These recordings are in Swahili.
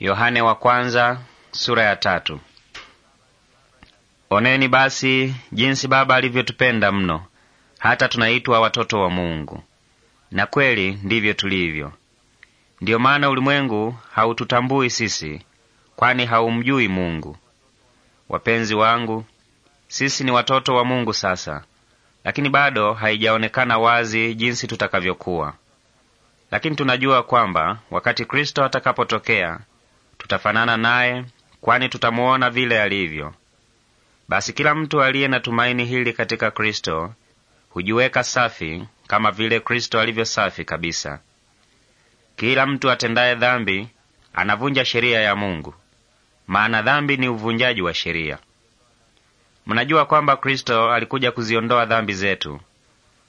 Yohane wa kwanza, sura ya tatu. Oneni basi jinsi Baba alivyotupenda mno hata tunaitwa watoto wa Mungu, na kweli ndivyo tulivyo. Ndiyo maana ulimwengu haututambui sisi, kwani haumjui Mungu. Wapenzi wangu, sisi ni watoto wa Mungu sasa, lakini bado haijaonekana wazi jinsi tutakavyokuwa. Lakini tunajua kwamba wakati Kristo atakapotokea tutafanana naye, kwani tutamuona vile alivyo. Basi kila mtu aliye na tumaini hili katika Kristo hujiweka safi kama vile Kristo alivyo safi kabisa. Kila mtu atendaye dhambi anavunja sheria ya Mungu, maana dhambi ni uvunjaji wa sheria. Mnajua kwamba Kristo alikuja kuziondoa dhambi zetu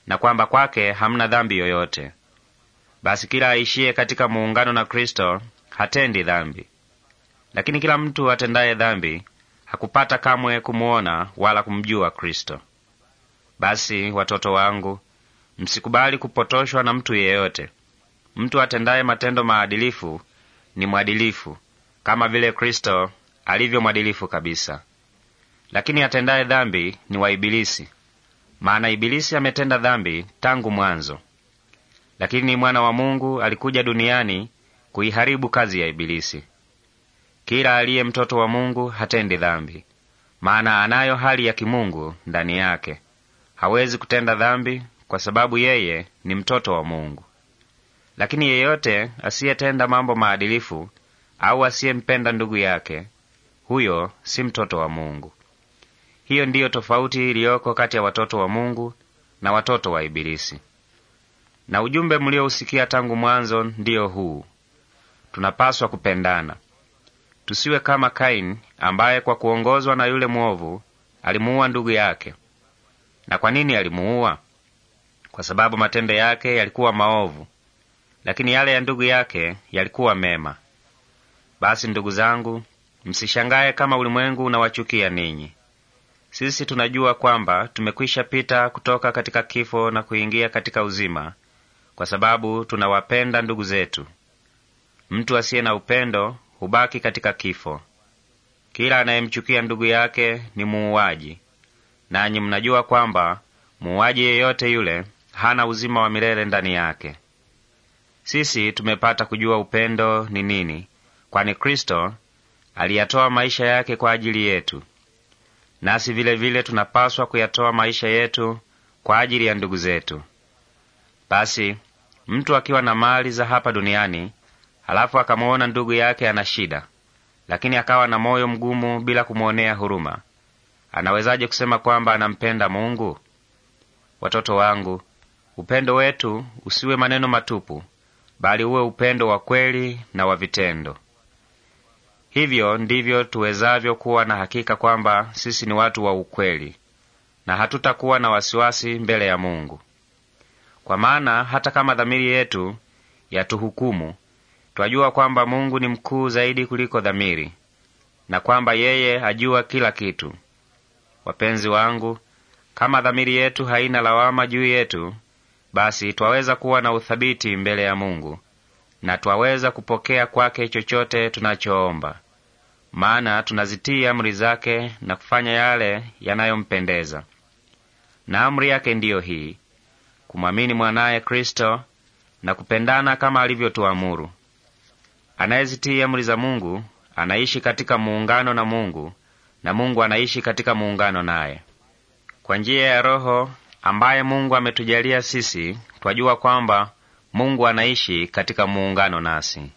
na kwamba kwake hamna dhambi yoyote. Basi kila aishiye katika muungano na Kristo hatendi dhambi. Lakini kila mtu atendaye dhambi hakupata kamwe kumwona wala kumjua Kristo. Basi watoto wangu, msikubali kupotoshwa na mtu yeyote. Mtu atendaye matendo maadilifu ni mwadilifu kama vile Kristo alivyo mwadilifu kabisa. Lakini atendaye dhambi ni wa Ibilisi, maana Ibilisi ametenda dhambi tangu mwanzo. Lakini mwana wa Mungu alikuja duniani kuiharibu kazi ya Ibilisi. Kila aliye mtoto wa Mungu hatendi dhambi, maana anayo hali ya kimungu ndani yake. Hawezi kutenda dhambi kwa sababu yeye ni mtoto wa Mungu. Lakini yeyote asiyetenda mambo maadilifu au asiyempenda ndugu yake, huyo si mtoto wa Mungu. Hiyo ndiyo tofauti iliyoko kati ya watoto wa Mungu na watoto wa Ibilisi. Na ujumbe mliousikia tangu mwanzo ndiyo huu: tunapaswa kupendana. Tusiwe kama Kaini ambaye kwa kuongozwa na yule mwovu alimuua ndugu yake. Na kwa nini alimuua? Kwa sababu matendo yake yalikuwa maovu, lakini yale ya ndugu yake yalikuwa mema. Basi ndugu zangu, msishangaye kama ulimwengu unawachukia ninyi. Sisi tunajua kwamba tumekwisha pita kutoka katika kifo na kuingia katika uzima, kwa sababu tunawapenda ndugu zetu. Mtu asiye na upendo hubaki katika kifo. Kila anayemchukia ndugu yake ni muuaji, nanyi mnajua kwamba muuaji yeyote yule hana uzima wa milele ndani yake. Sisi tumepata kujua upendo ni nini, kwani Kristo aliyatoa maisha yake kwa ajili yetu, nasi vile vile tunapaswa kuyatoa maisha yetu kwa ajili ya ndugu zetu. Basi mtu akiwa na mali za hapa duniani alafu akamwona ndugu yake ana shida, lakini akawa na moyo mgumu bila kumwonea huruma. Anawezaje kusema kwamba anampenda Mungu? Watoto wangu, upendo wetu usiwe maneno matupu, bali uwe upendo wa kweli na wa vitendo. Hivyo ndivyo tuwezavyo kuwa na hakika kwamba sisi ni watu wa ukweli na hatutakuwa na wasiwasi mbele ya Mungu, kwa maana hata kama dhamiri yetu yatuhukumu Twajua kwamba Mungu ni mkuu zaidi kuliko dhamiri na kwamba yeye ajua kila kitu. Wapenzi wangu, kama dhamiri yetu haina lawama juu yetu, basi twaweza kuwa na uthabiti mbele ya Mungu na twaweza kupokea kwake chochote tunachoomba, maana tunazitii amri zake na kufanya yale yanayompendeza. Na amri yake ndiyo hii: kumwamini mwanaye Kristo na kupendana kama alivyotuamuru. Anayezitii amri za Mungu anaishi katika muungano na Mungu na Mungu anaishi katika muungano naye. Kwa njia ya Roho ambaye Mungu ametujalia sisi, twajua kwamba Mungu anaishi katika muungano nasi.